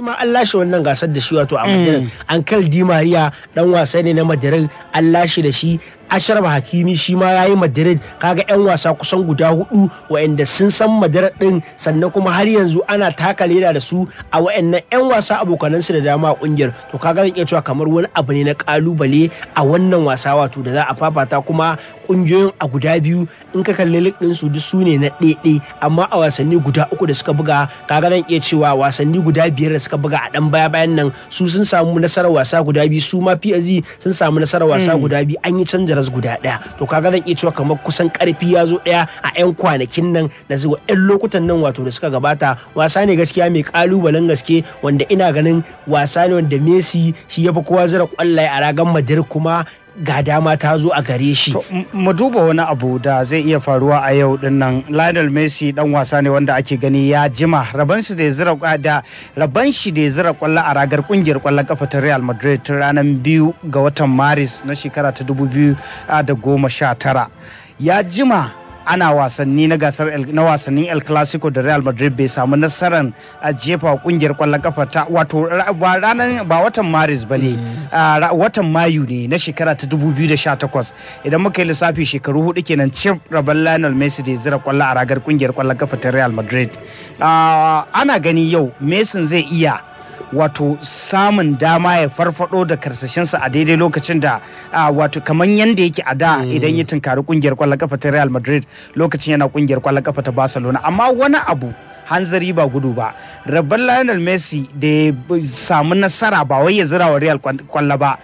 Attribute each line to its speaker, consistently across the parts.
Speaker 1: ma an lashe wannan gasar da shi wato a mm. Madrid Ankal Di Maria dan wasa ne na Madrid an lashe da shi ashraf hakimi shi ma yayi madrid kaga yan wasa kusan guda hudu wa'anda sun san madrid din sannan kuma har yanzu ana taka leda da su a wa'annan yan wasa abokanansu da dama a kungiyar to kaga zan iya cewa kamar wani abu ne na kalubale a wannan wasa wato da za a fafata kuma kungiyoyin a guda biyu in ka kalli lig din su duk su ne na ɗaiɗai amma a wasanni guda uku da suka buga kaga zan iya cewa wasanni guda biyar da suka buga a dan baya bayan nan su sun samu nasarar wasa guda biyu su ma PSG sun samu nasarar wasa hmm. guda biyu an yi canja karas guda ɗaya to kaga zan iya cewa kamar kusan karfi ya zo ɗaya a 'yan kwanakin nan na zuwa 'yan lokutan nan wato da suka gabata wasa ne gaskiya mai kalubalen gaske wanda ina ganin wasa ne wanda Messi shi ya fi kowa zira kwallaye a ragan Madrid kuma ga dama ta zo a gare shi. Mu duba wani abu da zai iya faruwa a yau din
Speaker 2: nan Lionel Messi dan wasa ne wanda ake gani ya jima rabon shi da zira da rabon shi da zira kwallo a ragar kungiyar kwallon kafa ta Real Madrid tun ranar biyu ga watan Maris na shekara ta dubu ah, da goma sha tara. Ya jima ana wasanni na gasar na wasannin El Clasico da Real Madrid bai samu nasarar a jefa kungiyar kwallon kafa ta wato ba ranar ba watan Maris ba ne, mm. watan Mayu ne na shekara ta 2018 idan muka yi lissafi shekaru hudu kenan cif rabon Lionel Messi da zira kwallo a ragar kungiyar kwallon kafa ta Real Madrid ana gani yau Messi zai iya wato samun dama ya farfado da karsashinsa a daidai lokacin da wato kamar yadda yake a da mm. idan ya tunkari kungiyar kwallon kafa ta Real Madrid lokacin yana kungiyar kwallon kafa ta Barcelona amma wani abu hanzari ba gudu ba rabban Lionel Messi da ya samu nasara ba wai ya zira wa Real kwallo ba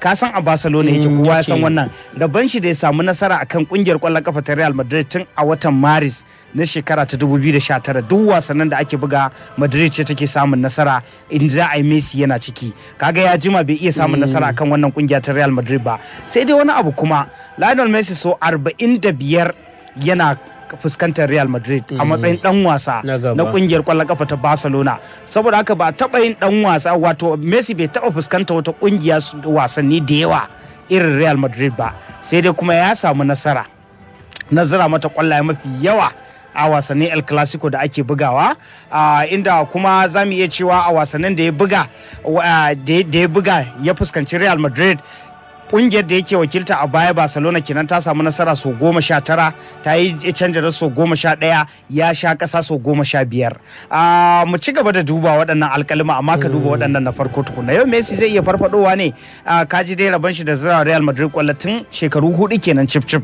Speaker 2: ka san a Barcelona yake kowa ya san mm, wannan daban shi da ya samu nasara akan kungiyar kwallon kafa ta Real Madrid tun a watan Maris na shekara ta 2019 duk wasannin da ake buga Madrid ce take samun nasara in za a yi Messi yana ciki kaga ya jima bai iya samun mm. nasara akan wannan kungiya ta Real Madrid ba sai dai wani abu kuma Lionel Messi so 45 yana fuskantar Real Madrid a mm. matsayin dan wasa na kungiyar kwallon kafa ta Barcelona saboda haka ba taba yin dan wasa wato Messi bai taba fuskanta wata kungiya wasanni da yawa irin Real Madrid ba sai dai kuma ya samu nasara nazara mata kwallaye mafi yawa a wasannin El Clasico da ake bugawa inda kuma za mu iya cewa a wasannin da ya buga da ya buga ya fuskanci Real Madrid kungiyar da yake wakilta a baya barcelona kenan ta samu nasara sau goma sha tara ta yi canjar sau goma sha ɗaya ya sha ƙasa sau goma sha biyar mu ci gaba da duba waɗannan alkalima amma ka duba waɗannan na farko tukuna yau messi zai iya farfaɗowa ne kaji dai rabon shi da zira real madrid kwallo tun shekaru hudu kenan cif cif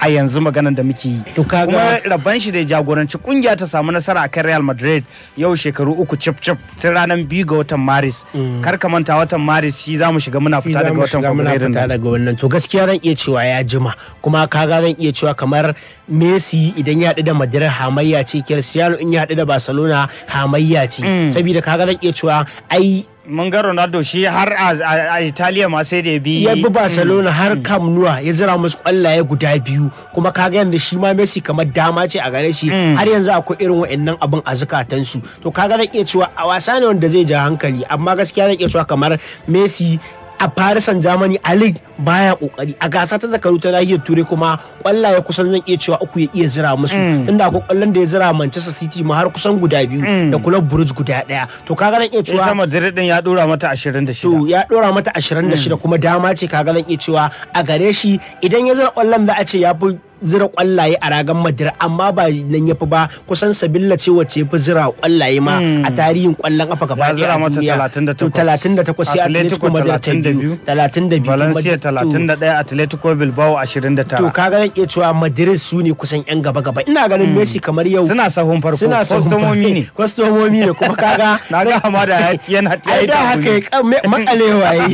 Speaker 2: a yanzu maganan da muke yi kuma rabban shi da jagoranci kungiya ta samu nasara a kan Real Madrid yau shekaru uku cip cip tun ranar
Speaker 1: biyu ga watan Maris mm. kar ka manta watan Maris shi zamu shiga muna fita daga watan Fabrairu daga wannan to gaskiya zan iya cewa ya jima kuma kaga zan iya cewa kamar Messi idan ya haɗu da Madrid hamayya ce Cristiano in ya haɗu da Barcelona hamayya ce mm. saboda kaga zan iya cewa ai mun ga Ronaldo shi har a Italiya ma sai da ya bi ya bi mm. Barcelona har Camp Nou ya zira musu kwallaye guda biyu kuma ka ga yanda shi ma Messi kamar dama ce a gare shi mm. har yanzu akwai irin wa'annan abin a zukatan su to kaga zan iya cewa a wasa ne wanda zai ja hankali amma gaskiya zan iya cewa kamar Messi a farisan germany a league baya kokari a gasa ta zakaru ta nahiyar turai kuma kwallaye kusan zan iya cewa uku ya iya zira musu mm. tunda akwai kwallon da ya zira manchester city ma har kusan guda biyu mm. da kulab bruce guda daya to kaga zan iya cewa Real madrid din ya dora mata 26 to ya dora mata 26 mm. kuma dama ce kaga zan iya cewa a gare shi idan ya zira kwallon za a ce ya fi zira kwallaye a ragan madira amma ba nan yafi ba kusan sabilla ce wacce fi zira kwallaye ma hmm. a tarihin kwallon kafa gaba ɗaya a duniya to 38 sai atletico madira ta biyu 32 valencia 31 atletico bilbao 29 to kaga zan iya cewa madrid su ne kusan yan gaba gaba ina ganin hmm. messi kamar yau suna sahun farko suna kwastomomi ne kwastomomi ne kuma kaga na ga hamada yana yi da haka makalewa yi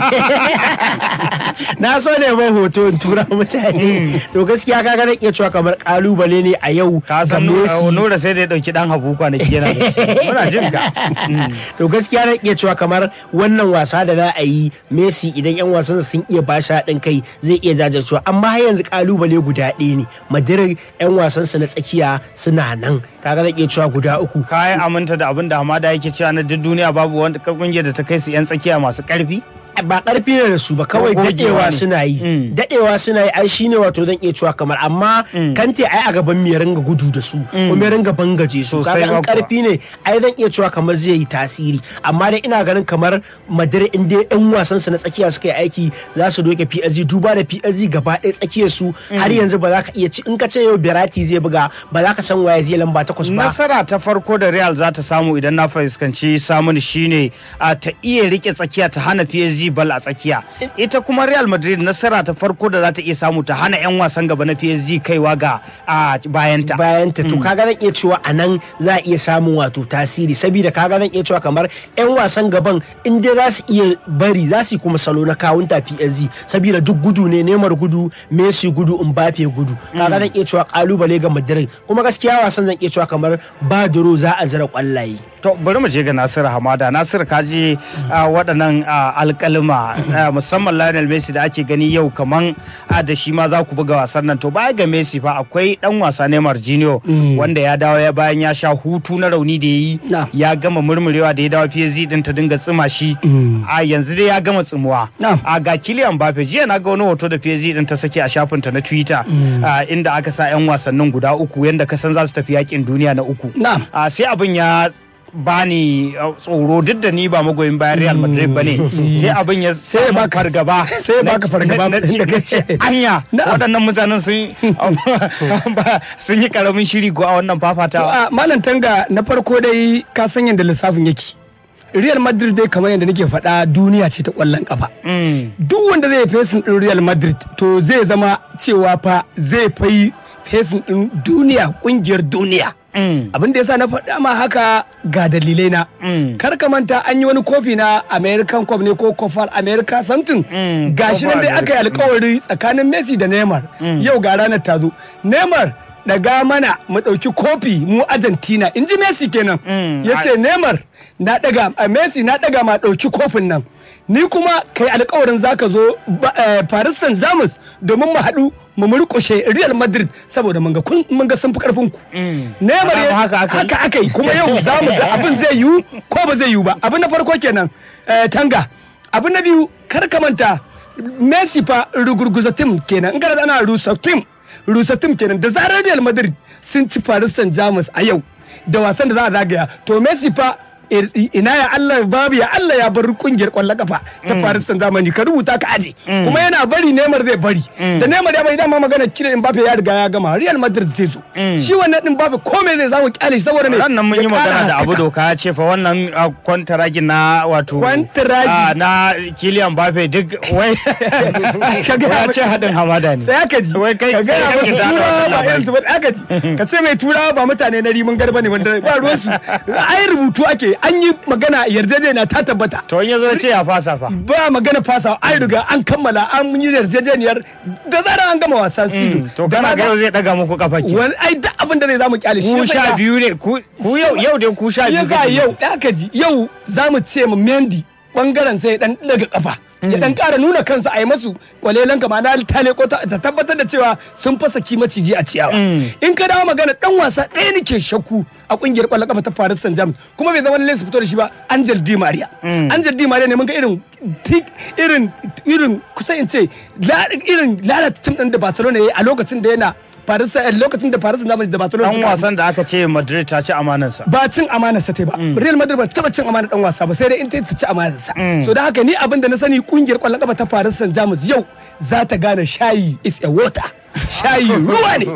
Speaker 1: na so ne mai hoto in tura mutane hmm. to gaskiya kaga iya cewa kamar kalubale ne a yau san Messi Nura sai da ya dauki dan habu kwanaki yana muna jin ka to gaskiya na iya cewa kamar wannan wasa da za a yi Messi idan yan wasan sun iya bashi haɗin kai zai iya jajircewa amma har yanzu kalubale guda ɗaya ne Madrid yan wasan su na tsakiya suna nan ka na iya cewa guda uku kai aminta da abin da Hamada yake cewa na duk duniya babu
Speaker 2: wanda kungiyar da ta kai su yan tsakiya masu karfi ba karfi ne da su ba
Speaker 1: kawai dadewa suna yi mm. dadewa suna yi ai shine wato zan iya cewa kamar amma mm. kante ai a gaban me ringa gudu da su mm. ko me ringa bangaje su kaga karfi ne ai zan iya cewa kamar zai yi tasiri amma dai ina ganin kamar madari in dai yan wasan su na tsakiya suka yi aiki za su doke PSG duba da PSG gaba ɗaya tsakiyar su har yanzu ba za ka iya ci in ka ce yau Berati zai buga ba za ka san waye zai lamba takwas ba
Speaker 2: nasara ta farko da Real za ta samu idan na fahimci samun shine ta iya rike tsakiya ta hana PSG ball a tsakiya ita kuma Real Madrid nasara
Speaker 1: ta farko da za ta iya samu ta hana yan wasan gaba na PSG kaiwa ga bayanta bayanta to hmm. kaga zan iya cewa anan za a iya samun wato tasiri saboda kaga zan iya cewa kamar yan wasan gaban in dai za su iya bari za su kuma salo na kawun ta PSG saboda duk gudu ne Neymar gudu Messi gudu Mbappe gudu hmm. kaga zan iya cewa kalubale ga Madrid kuma gaskiya wasan zan iya cewa kamar ba za a zira kwallaye
Speaker 2: to bari mu je ga Nasiru Hamada Nasiru kaji waɗannan alƙal Eh, musamman Lionel Messi da ake gani yau kaman a ah, da shi ma za ku buga wasan nan to baya ga Messi fa akwai dan wasa Neymar Jr. Mm. wanda ya dawo ya bayan ya sha hutu na rauni da yayi ya gama murmurewa da ya dawo PSG din ta dinga tsima shi mm. a ah, yanzu dai ya gama tsimuwa a ah, ga Kylian Mbappe jiya na ga wani hoto da PSG din ta saki a shafin ta na Twitter mm. inda aka sa yan wasannin guda uku yanda ka san za su tafi yakin duniya na uku sai abin ya bani uh, tsoro duk da ni ba magoyin bayan Real Madrid bane sai abin ya sai ba fargaba sai ba ka fargaba da
Speaker 3: kace anya waɗannan mutanen sun sun yi karamin shiri ko a wannan fafatawa malam tanga na farko dai ka san yadda lissafin yake Real Madrid dai kamar yadda nake faɗa duniya ce ta ƙwallon ƙafa. Mm. Duk wanda zai fesin ɗin Real Madrid to zai zama cewa fa zai fai fesin ɗin duniya ƙungiyar duniya. Mm. abin da sa na faɗa ma haka ga dalilai na mm. kar ka manta an yi wani kofi na american cup ne ko kofar america something mm. ga shi nan dai aka yi alkawari tsakanin messi da neymar yau ga ranar ta zo neymar daga mana mu ɗauki kofi mu argentina in ji messi kenan ya ce neymar na daga messi na daga ma ɗauki kofin nan ni kuma kai alkawarin zaka zo eh, paris saint germain domin mu haɗu mu murƙushe Real Madrid saboda mun ga kun mun ga sun fi karfin ku mm. Neymar haka aka kuma yau za mu ga abin zai yiwu ko ba zai yiwu ba abin na farko kenan eh, tanga abin na biyu kar ka manta Messi fa rugurguza tim kenan in kana ana rusa tim rusa tim kenan da zarar Real Madrid sun ci Paris Saint-Germain a yau da wasan da za a zagaya to Messi fa ina ya Allah babu ya Allah ya bar kungiyar kwallon kafa ta mm. Paris Saint Germain ka rubuta ka aje mm. kuma yana bari Neymar zai bari mm. da Neymar ya bari dama magana kiran Mbappe ya riga ya gama Real Madrid zai zo shi wannan din Mbappe komai zai zamu kyale shi saboda me nan mun yi magana da Abu
Speaker 2: Doka ya ce fa wannan ah, kontaragi na wato Kontaragi. Ah, na Kylian
Speaker 3: Mbappe duk wai kaga ya ce hadin hamada ne sai ka ji wai kai kaga ya musu tura ba irin su ba ka ji ka ce mai tura ba mutane na rimin garba ne wanda ba ruwan su ai rubutu ake an yi magana yarjejeniya ta tabbata to in yanzu ce ya fasa fa ba magana fasa an riga an kammala an yi yarjejeniyar da zarar an gama wasan mm, su. to kana ga zai daga muku kafa ki wani ai duk abin da zai zamu kyale shi ku sha biyu ne ku yau yau dai ku sha biyu yasa yau da ji yau zamu ce mu Mendy bangaren sai dan daga kafa ya dan kara nuna kansa a yi masu kwalelan kama na ta ko ta tabbatar da cewa sun fasa ki maciji a ciyawa mm. in ka dawo magana dan wasa ɗaya nake shakku a kungiyar kwallon kafa ta Paris Saint-Germain kuma bai zama lalle su fito da shi ba Angel Di Maria mm. Angel Di Maria ne mun ga irin irin irin kusa in ce irin lalata tun da Barcelona ya yi a lokacin da yana Paris eh, lokacin da Paris na da Barcelona dan wasan da aka ce Madrid ta ci sa. ba cin amanarsa ta ba mm. Real Madrid ba ta cin amanar dan wasa ba sai dai in ta ci sa mm. so da haka ni abin da na sani kungiyar kwallon kafa ta Paris Saint-Germain yau za ta gane shayi is a water shayi ruwa ne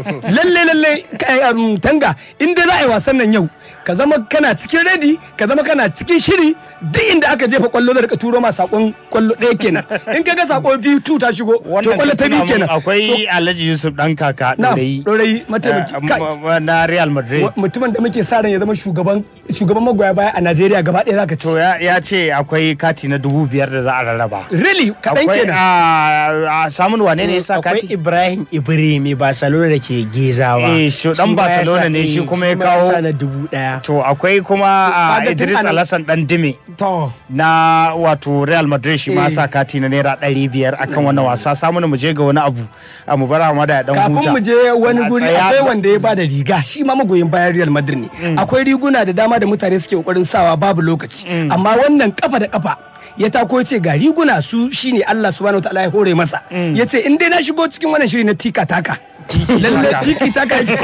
Speaker 3: lalle lalle um, tanga in dai za a yi wasan nan yau ka zama kana cikin redi ka zama kana cikin shiri duk inda aka jefa kwallo da rika turo ma sakon kwallo ɗaya kenan in ka ga sakon biyu tu ta shigo to kwallo ta biyu kenan akwai
Speaker 2: Alhaji Yusuf dan kaka dorayi dorayi mataimaki
Speaker 3: eh, na Real Madrid mutumin da muke sa ran ya zama shugaban shugaban magoya baya a Najeriya gaba ɗaya zaka ci to ya
Speaker 2: ce akwai kati na dubu biyar da za a rarraba
Speaker 1: really
Speaker 3: kaɗan kenan ah, ah, samun
Speaker 1: wane ne ya sa kati Ibrahim Ibrahim Ibrahim Barcelona da ke Gezawa. Eh, shi dan Barcelona ne shi kuma ya kawo. na dubu daya. To akwai kuma ah, Idris Alasan dan Dime.
Speaker 2: Na wato Real Madrid shi ma sa eh. kati na naira ɗari biyar akan wannan mm. wasa samu mu je
Speaker 3: ga wani abu a mu bara ma da dan huta. Kafin mu je wani guri akwai wanda ya bada riga shi ma magoyin bayan Real Madrid ne. Mm. Akwai riguna da dama da mutane suke kokarin sawa babu lokaci. Mm. Amma wannan kafa da kafa ya tako ya ce ga riguna su shine Allah subhanahu wa ta'ala ya hore masa mm. yace in dai na shigo cikin wannan shiri na tika taka lalle ta taka ce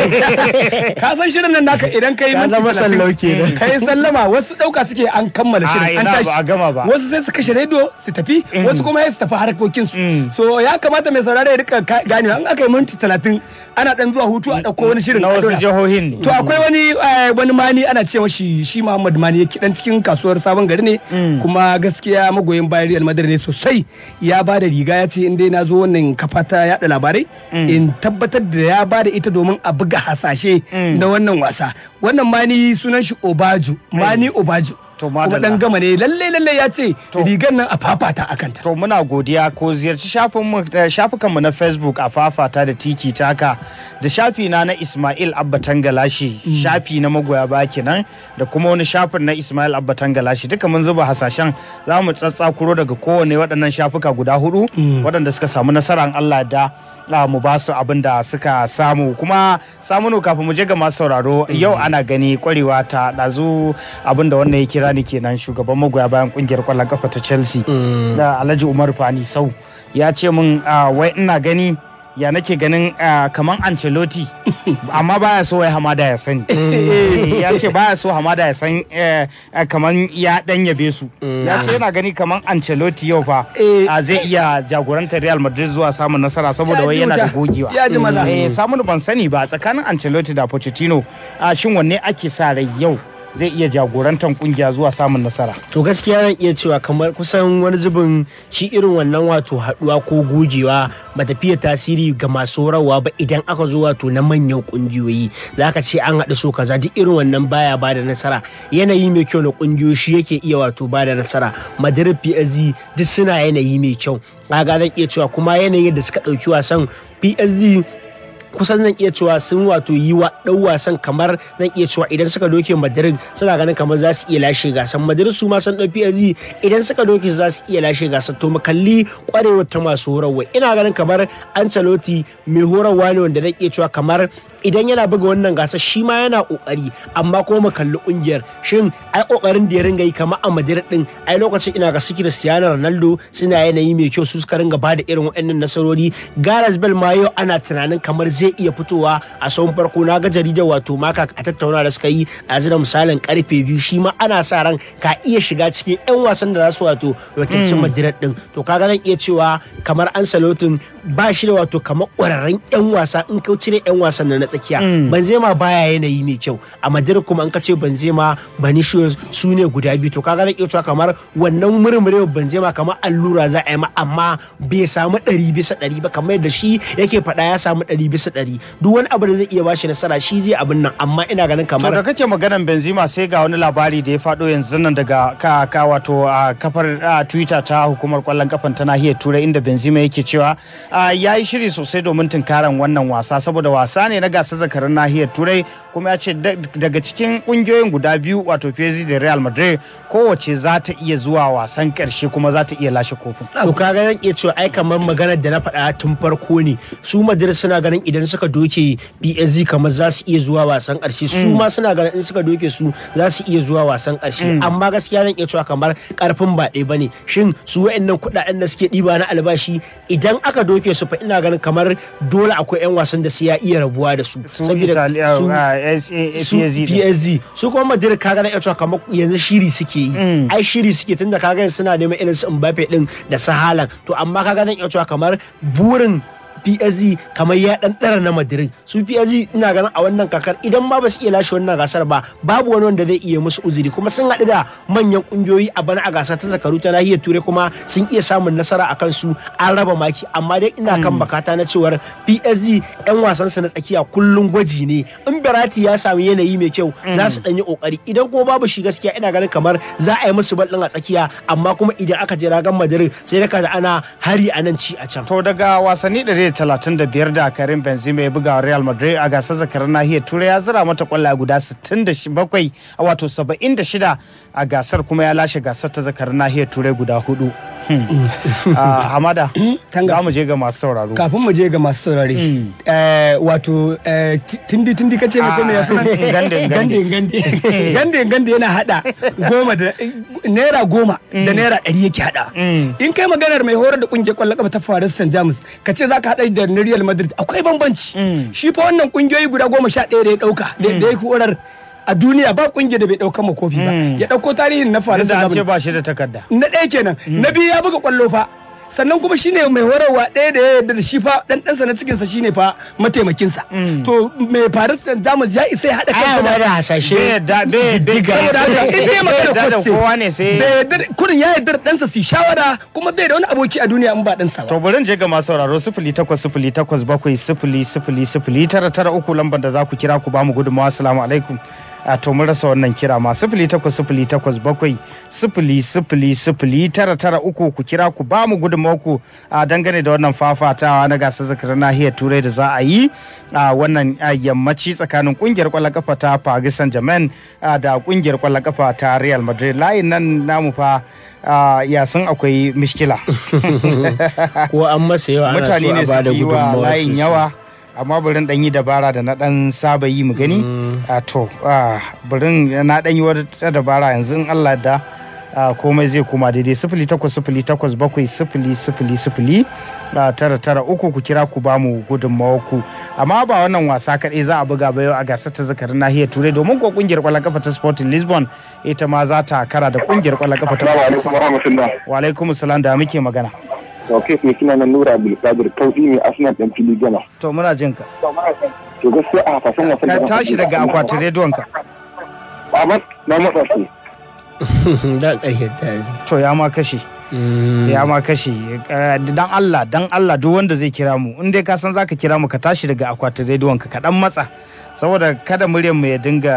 Speaker 3: ka san shirin nan naka idan kai mun zama sallau kenan kai sallama wasu dauka suke an kammala shirin an tashi a gama ba wasu sai su kashe radio su tafi mm. wasu kuma sai su tafi harkokin su mm. so ya kamata mai saurare ya rika ganewa an aka yi minti 30 ana dan zuwa hutu a dauko wani shirin na wasu jihohin ne to akwai wani eh, wani mani ana cewa shi shi Muhammad Mani yake dan cikin kasuwar sabon gari ne mm. kuma gaskiya magoyin bayan Real Madrid ne sosai ya ba da riga ya ce in dai na zo wannan kafata ta yada labarai in tabbata tabbatar da ya ba da ita domin a buga hasashe mm. na wannan wasa wannan mani sunan shi obaju mm. mani obaju kuma dan gama ne lalle lalle ya ce rigar nan a fafata a kanta to muna godiya ko ziyarci eh, shafukanmu
Speaker 2: na facebook a fafata da tiki taka da shafi na na ismail abba tangalashi mm. shafi na magoya ba kenan da kuma wani shafin na ismail abba tangalashi duka mun zuba hasashen za mu tsatsakuro daga kowane waɗannan shafuka guda hudu waɗanda suka samu nasarar Allah da faɗa mu ba su abin da suka samu kuma samunu kafin mu je ga masu sauraro yau mm. ana gani kwarewa ta ɗazu abin da wannan ya kira ni kenan shugaban magoya bayan kungiyar kwallon kafa ta Chelsea mm. da Alhaji Umar Fani Sau ya ce min ah, wai ina gani ya nake ganin ah, kaman Ancelotti amma baya so ya hamada ya sani mm. eh, ya ce baya so hamada ya san eh, eh, kaman ya dan yabe su mm. ya ce yana gani kamar Ancelotti yau fa ah, zai iya jagorantar Real Madrid zuwa samun nasara saboda wai yana da gogewa eh samun ban sani ba tsakanin Ancelotti da Pochettino
Speaker 1: ah, shin wanne ake sa rai yau zai iya jagorantar kungiya zuwa samun nasara. To gaskiya zan iya cewa kamar kusan wani zubin shi irin wannan wato haɗuwa ko gogewa ba ta fiye tasiri ga masu rawa ba idan aka zo wato na manyan ƙungiyoyi. za ka ce an haɗu so kaza duk irin wannan baya ba da nasara yanayi mai kyau na kungiyoyi shi yake iya wato ba da nasara Madrid PSG duk suna yanayi mai kyau. Kaga zan iya cewa kuma yanayin da suka ɗauki wasan PSG kusan zan iya cewa sun wato yi wa ɗan wasan kamar zan iya cewa idan suka doke madrid suna ganin kamar za su iya lashe gasar madrid su ma san ɗau psg idan suka doke za su iya lashe gasar to makalli kalli kwarewar ta masu horarwa ina ganin kamar ancelotti mai horarwa ne wanda zan iya cewa kamar idan yana buga wannan gasa shi ma yana kokari amma kuma mu kalli kungiyar shin ai kokarin da ya ringa yi kamar a Madrid din ai lokacin ina ga su Cristiano Ronaldo suna yanayi mai kyau su suka ringa da irin waɗannan nasarori Gareth Bale ma yau ana tunanin kamar zai iya fitowa a sahun farko na ga jaridar wato maka a tattauna da suka yi a zira misalin karfe biyu shi ma ana sa ran ka iya shiga cikin 'yan wasan da za su wato wakilcin hmm. Madrid din to kaga zan iya cewa kamar Ancelotti ba shi da wato kamar ƙwararren 'yan wasa in ka cire 'yan wasan na tsakiya mm. Benzema baya yanayi mai kyau a Madrid kuma an kace Benzema Vinicius su ne guda biyu to kaga zai iya cewa kamar wannan murmurewa Benzema kamar allura za a yi ma amma bai samu ɗari bisa ɗari ba kamar yadda shi yake faɗa ya samu ɗari bisa ɗari duk wani abu da zai iya bashi nasara shi zai abin nan amma ina ganin kamar. To da
Speaker 2: kake maganan Benzema sai ga wani labari da ya fado yanzu nan daga ka ka wato a kafar Twitter ta hukumar kwallon kafan ta nahiyar Turai inda Benzema yake cewa ya yi shiri sosai domin tunkaran wannan wasa saboda wasa ne na gasar zakarin nahiyar turai kuma ya ce daga cikin kungiyoyin guda biyu wato PSG da Real Madrid kowace za ta iya
Speaker 1: zuwa wasan karshe kuma za ta iya lashe kofin. To kaga zan iya cewa ai kamar maganar da na faɗa tun farko ne su Madrid suna ganin idan suka doke PSG kamar za su iya zuwa wasan karshe su mm. ma suna ganin in suka doke su za su iya zuwa wasan karshe mm. amma gaskiya zan iya cewa kamar karfin ba ɗaya bane shin su wa'annan kuɗaɗen da suke ɗiba na albashi idan aka doke su fa ina ganin kamar dole akwai 'yan wasan da su ya iya rabuwa da su su ah, su kuma Madrid kaga na iya cewa kamar yanzu shiri suke yi mm. ai shiri suke tunda kaga suna neman irin su Mbappe din da su to amma kaga na iya cewa kamar burin PSG kamar ya dan dara na Madrid su PSG ina ganin a wannan kakar idan ma ba su iya lashe wannan gasar ba babu wani wanda zai iya musu uzuri kuma sun haɗu da manyan kungiyoyi a bana a gasar ta zakaru ta nahiyar Turai kuma sun iya samun nasara a kansu an raba maki amma dai ina kan hmm. bakata na cewar PSG yan wasan su na tsakiya kullun gwaji ne in Berati ya samu yanayi mai kyau hmm. za su dan yi kokari idan kuma babu shi gaskiya ina ganin kamar za a yi musu ballin a tsakiya amma kuma idan aka je ragan Madrid sai da ana hari a nan ci a can to daga wasanni
Speaker 2: da minti 35 da karin benzema ya buga real madrid a gasar zakarar nahiyar turai ya zira mata kwallaye guda 67 wato 76 a gasar kuma ya lashe gasar ta zakarar
Speaker 3: nahiyar turai guda hudu. Hmm. Ah, hamada za mu je ga masu sauraro kafin mu je ga masu saurari. Hmm. Eh, wato eh, tindi tindi ka ce ko me ya sunan ah, gandin Gande. gandin Gande yana hada goma da naira goma da hmm. naira ɗari yake hada in kai maganar mai horar da kungiyar kwallon kafa ta Faris San Jamus kace zaka hada da Real Madrid akwai bambanci shi fa wannan kungiyoyi guda goma sha ɗaya da ya dauka da ya horar a duniya ba kunge da bai dauka ma kofi ba hmm. ya dauko tarihin na faru da ce ba shi da takarda na ɗaya kenan hmm. na biyu ya buga kwallo fa sannan kuma shine mai horarwa ɗaya da ya da shi fa dan ɗansa na cikinsa shine fa mataimakinsa hmm. to mai faru da jamus ya isa ya hada kansa da hasashe da be bai diga in dai magana kwace kowa ne sai be kurin ya yarda da sa si shawara kuma bai da wani aboki a duniya in ba ɗansa ba to bari je ga masu sauraro sifili
Speaker 2: takwas sifili takwas bakwai sifili sifili sifili tara tara uku lambar da za ku kira ku ba mu gudunmawa assalamu alaikum a to mun rasa wannan kira ma sifili takwas sifili takwas bakwai sifili sifili sifili tara tara uku ku kira ku ba mu gudunmaku a dangane da wannan fafatawa na gasar zakarar nahiyar turai da za a yi a wannan yammaci tsakanin kungiyar kwallon kafa ta Paris Saint-Germain da kungiyar kwallon kafa ta Real Madrid layin nan namu fa ya san akwai mishkila
Speaker 1: ko an masa yawa ana so a bada gudunmawa layin yawa
Speaker 2: amma barin dan yi dabara da na dan saba yi mu gani mm. a ah, to ah, burin na dan yi wata dabara yanzu in Allah da ah, komai zai koma daidai sifili takwas sifili takwas bakwai sifili sifili sifili tara tara uku ku kira ku ba mu gudunmawa ku amma ba wannan wasa kaɗai za a buga ba yau a gasar ta zakarin nahiyar turai domin ko kungiyar kwallon kafa ta sporting lisbon ita ma za ta kara da kungiyar kwallon kafa ta wa alaikum salam da muke magana
Speaker 4: Taufik ne suna nan Nura Abdulkadir Tausi ne
Speaker 1: Arsenal ɗan fili gama.
Speaker 2: To muna jin ka. To gaskiya a fasan wasan da tashi daga akwatin rediyon ka. Amma na matsa su.
Speaker 1: Da ƙaryata yi
Speaker 2: To ya ma kashi. Mm. Ya ma kashi. Eh, dan Allah dan Allah duk wanda zai kira mu in dai ka san zaka kira mu ka tashi daga akwatin rediyon ka ka dan matsa. saboda kada muryar mu ya dinga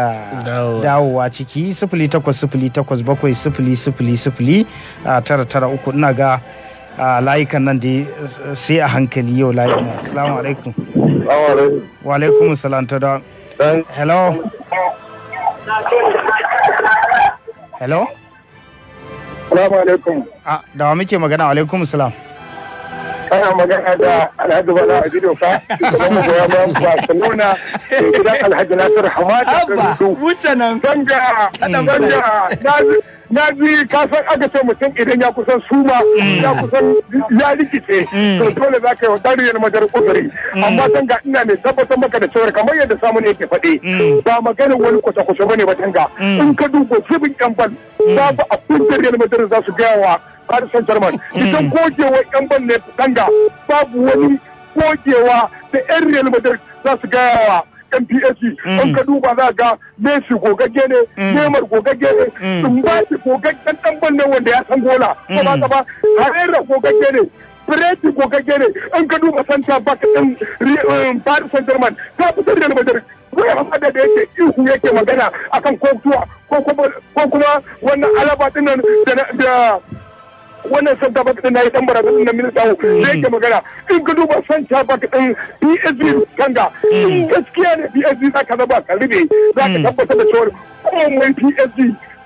Speaker 2: dawowa ciki sifili takwas sifili takwas bakwai sifili sifili sifili ah, tara tara uku ina ga a layukan nan da sai a hankali yau layukan assalamu alaikum wa alaikum salam ta da hello hello Salamu alaikum. Ah, da wa muke magana alaikum salam.
Speaker 4: Ana magana da Alhaji Bala a bidiyo fa, kuma mu goya bayan Barcelona da gidan Alhaji Nasiru Hamada da Rudu. Abba, wuce nan. banja banga, na ji ka san aka ce mutum idan ya kusan suma ya mm. kusan ya rikice mm. to dole za ka yi wadari na madar kuduri mm. amma san ga ina ne tabbatar maka da cewar kamar yadda samun yake faɗi ba maganin wani kusa kusa bane ba tanga in ka duba zubin yan za babu a da real madrid za su gaya wa Paris Saint-Germain idan gogewa yan ban ne tanga babu wani gogewa da yan real madrid za su gaya wa yan PSC an mm. ka duba za ga Messi gogagge ne mm. Neymar gogagge ne mm. Mbappe gogaggen dan banne wanda ya san gola ko ba ka ba Herrera gogagge ne Brady gogagge ne an ka duba center back din um, Paris Saint-Germain ka fitar da Madrid ya hamada da yake ihu yake magana akan ko ko kuma wannan alaba dinnan da wannan santa bak din nayi dan barazan nan minista ho zai ke magana in ka duba santa bak din PSV kanga mm. in mm. gaskiya ne PSV za ka zaba ka rube za ka mm. tabbatar da cewa komai PSV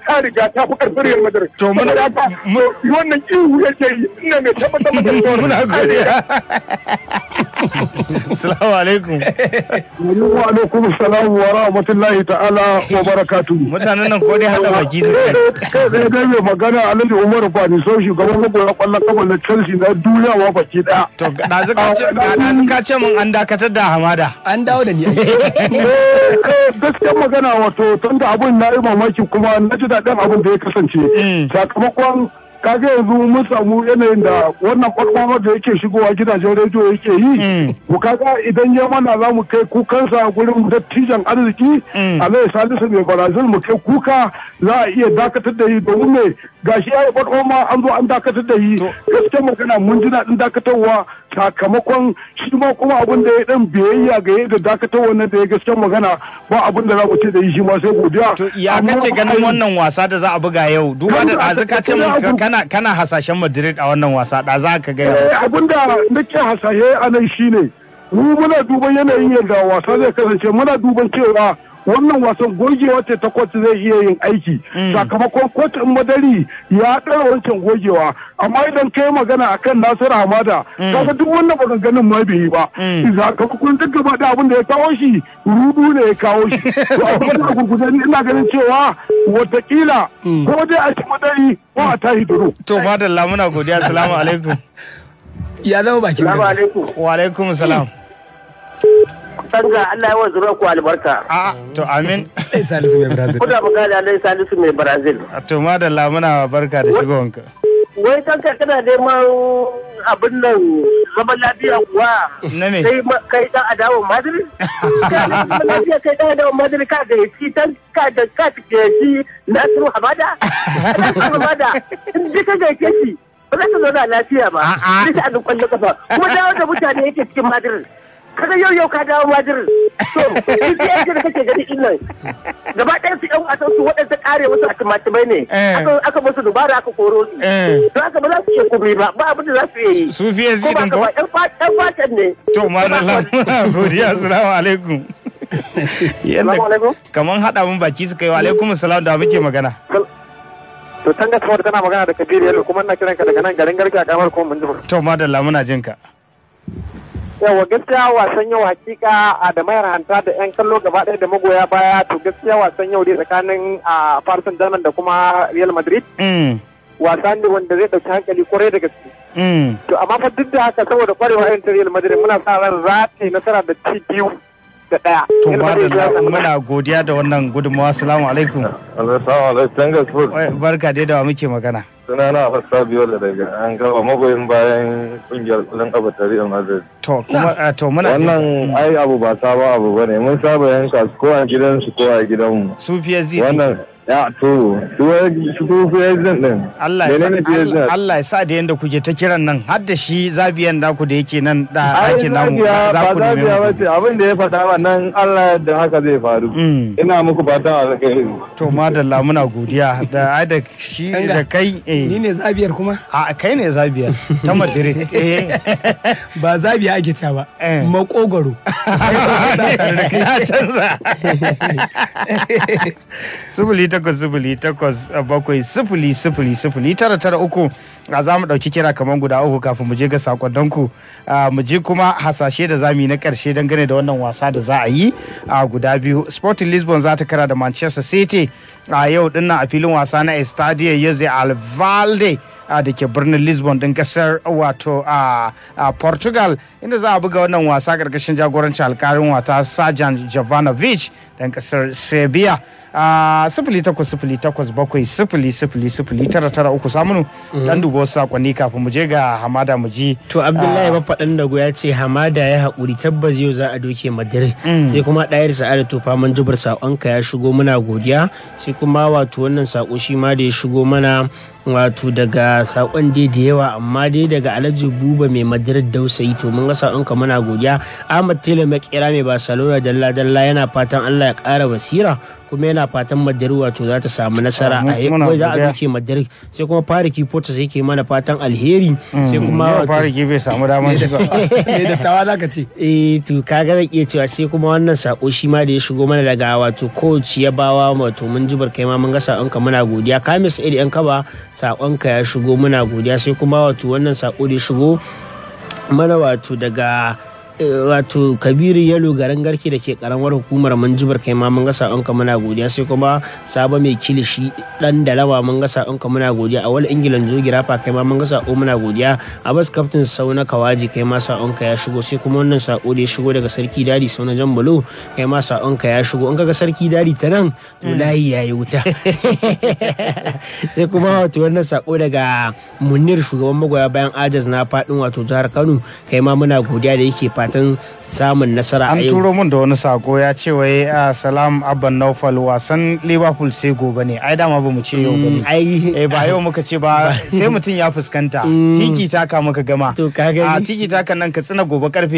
Speaker 4: ta riga ta fi karfin Real Madrid. To mun da ka wannan ihu yake yi ina mai tabbatar da cewa muna Salamu alaikum. Wa alaikum salamu wa rahmatullahi ta'ala wa barakatu. Mutanen nan ko dai haɗa baki su kai. Kai dai dai mai magana Alhaji Umar Fani sau shugaban ya kwallon kafa na Chelsea na duniya wa baki ɗaya. To na zuka ah,
Speaker 3: eh, ce mun an dakatar da hamada. An dawo da ni. Eh,
Speaker 4: eh, gaskiyar magana wato tun da abun na yi mamaki kuma na ji daɗin abin da ya kasance. Hmm. Sakamakon kaga yanzu mun samu yanayin da wannan kwakwama da yake shigowa gidajen rediyo yake yi mu hmm. kaga idan ya mana za mu kai kukansa gurin dattijan arziki hmm. alai salisu mai barazil mu kai kuka za a iya dakatar da yi domin ne gashi ya yi kwakwama an zo an dakatar da yi gaskiya magana mun ji daɗin dakatarwa sakamakon shi ma kuma abin da ya dan biyayya ga yadda dakatarwa na da ya gaskiya magana ba abin da za mu ce da yi shi ma sai godiya. ya kace ganin wannan
Speaker 2: wasa da za a buga yau duba da ɗazu ka ce kana kana hasashen Madrid a wannan wasa da za ka gaya. Eh,
Speaker 4: Abinda nake hasashe a nan shine mu muna duban yanayin yadda wasa zai kasance muna duban cewa wannan wasan gogewa ce ta kotu zai iya yin aiki mm. sakamakon kwata in madari ya ɗara wancan gogewa amma idan ka yi magana a kan nasiru hamada fi mm. duk wannan maganganun ma bai yi ba mm. sakamakon duk gaba da abin da ya kawo shi rudu ne ya kawo shi ina ganin cewa watakila mm. ko dai a ci madari ko a tahi duro.
Speaker 2: To madalla muna godiya salamu alaikum.
Speaker 1: Ya zama baki gari.
Speaker 2: Salamu alaikum. Wa alaikum
Speaker 4: salam. Sanga Allah ya wa zura ku albarka. A to amin. Ai Salisu mai Brazil. Kuna magana ne Salisu mai Brazil.
Speaker 2: To madalla muna barka da shigonka.
Speaker 4: wai ka kana neman abin nan zaman lafiya kuwa sai kai dan adawan madrid lafiya kai dan adawan madrid ka ga shi tan ka da ka ga yaci nasiru hamada hamada in ka ga shi ba za ta zauna lafiya ba sai ta azun kwallon kafa kuma dawo da mutane yake cikin madrid kada yau yau ka dawo majirin to duk yanke da kake gani din nan gaba ɗaya su ɗan wasan su waɗanda ƙare wasu a tumatumai ne eh. aka musu dubara aka koro su eh. to haka ba za su iya kubi ba ba abin da za su yi su fiye zai zidin ko ba ɗan fatan ne to madalla godiya
Speaker 2: assalamu alaikum yanda kaman haɗa mun baki su kai wa alaikum salam da muke magana to can ga kawar kana magana da kabiru yalo kuma ina kiranka daga nan garin garki a kamar kuma mun ji to madalla muna jinka
Speaker 4: yawa gaskiya wasan yau hakika a da mayar hanta da yan kallo gaba ɗaya da magoya baya to gaskiya wasan yau dai tsakanin a farsan danan da kuma real madrid mm. wasa ne wanda zai ɗauki hankali kwarai da gaske mm. to amma fa duk da haka saboda kwarewa irin ta real madrid muna sa ran rataye nasara da ci biyu da ɗaya to madalla
Speaker 2: muna godiya da wannan gudunmawa assalamu alaikum
Speaker 4: alaikum
Speaker 2: barka dai da wa muke magana
Speaker 4: na a da daga an gaba magoyin bayan kungiyar kudin kafa tarihin Madrid. To, kuma a to muna Wannan mm. ai abu ba sabon abu bane mun saba yanka ko a gidansu ko a gidanmu. Su zidi Wannan Ya to, su fiyazin din. Allah ya sa
Speaker 2: da yadda kuke ta kiran nan, har da shi zabiyan naku da yake nan da ake namu za ku da mu. Ba
Speaker 4: abin da ya fata ba nan Allah da haka zai faru. Mm. Ina muku
Speaker 2: a alkhairi. To madalla muna godiya da da shi da kai. Eh. Ni ne
Speaker 3: zabiyar kuma? A kai ne zabiyar ta Madrid. Eh. Ba zabiya ake ta ba. Eh. Makogaro. Ya canza.
Speaker 2: Subuli ta takwas takwas bakwai sifili sifili sifili tara tara uku a za mu ɗauki kira kamar guda uku kafin mu je ga sakonninku mu je kuma hasashe da zamu yi na ƙarshe dangane da wannan wasa da za a yi a guda biyu sporting lisbon za ta kara da manchester city a yau dinnan a filin wasa na estadio jose alvalde da ke birnin lisbon din kasar wato a portugal inda za a buga wannan wasa ƙarƙashin jagorancin alƙalin wata sajan jovanovic dan kasar serbia sifili takwas sifili takwas bakwai sifili sifili sifili tara tara uku samunu mhm. dan dubo sakonni kafin muje ga hamada mu ji to abdullahi mafaɗan dago ya ce hamada
Speaker 1: ya haƙuri tabbas yau za a doke madrid mm. sai kuma ɗayar sa'ada to faman jibar saƙonka ya shigo muna godiya sai kuma wato wannan saƙo shi ma da ya shigo mana wato daga sakon dai da yawa amma dai daga alhaji buba mai Madrid dausayi to mun ga sakonka muna godiya ahmad tele makera mai barcelona dalla dalla yana fatan allah ya ƙara basira kuma yana fatan madari wato za ta samu nasara a yau za a duke madari sai kuma fariki portis yake mana fatan alheri mm, sai kuma fariki bai samu damar shiga ne da tawa ka ce eh to kaga zan iya cewa sai kuma wannan sako shi ma da ya shigo mana daga wato coach ya bawa wato mun ji kai ma mun ga sakonka muna godiya kamis iri yan kaba sakonka ya shigo muna godiya sai kuma wato wannan sako da ya shigo mana wato daga wato kabiru yalo garin garki da ke karamar hukumar manjibar kai ma mun ga sa'onka muna godiya sai kuma sabo mai kilishi dan dalawa mun ga sa'onka muna godiya a wal ingilan zo girafa kai ma mun ga sa'o muna godiya bas kaftin sauna kawaji kai ma sa'onka ya shigo sai kuma wannan sa'o da ya shigo daga sarki dadi sauna jan bulo kai ma sa'onka ya shigo in ga sarki dadi ta nan mm. layi yayi wuta sai kuma wato wannan sa'o daga munir shugaban magoya bayan ajaz na faɗin wato jihar kano kai ma muna godiya da yake fata fatan samun nasara a yau. An turo
Speaker 2: mun da wani sako ya ce wai ah, salam abban naufal wasan Liverpool sai gobe ne ai dama ba mu ce yau mm, Ai. ne. Eh, ba yau muka ce ba sai mutum ya fuskanta mm. tiki taka muka gama. To ka gani. Ah, tiki taka nan ka tsina gobe karfe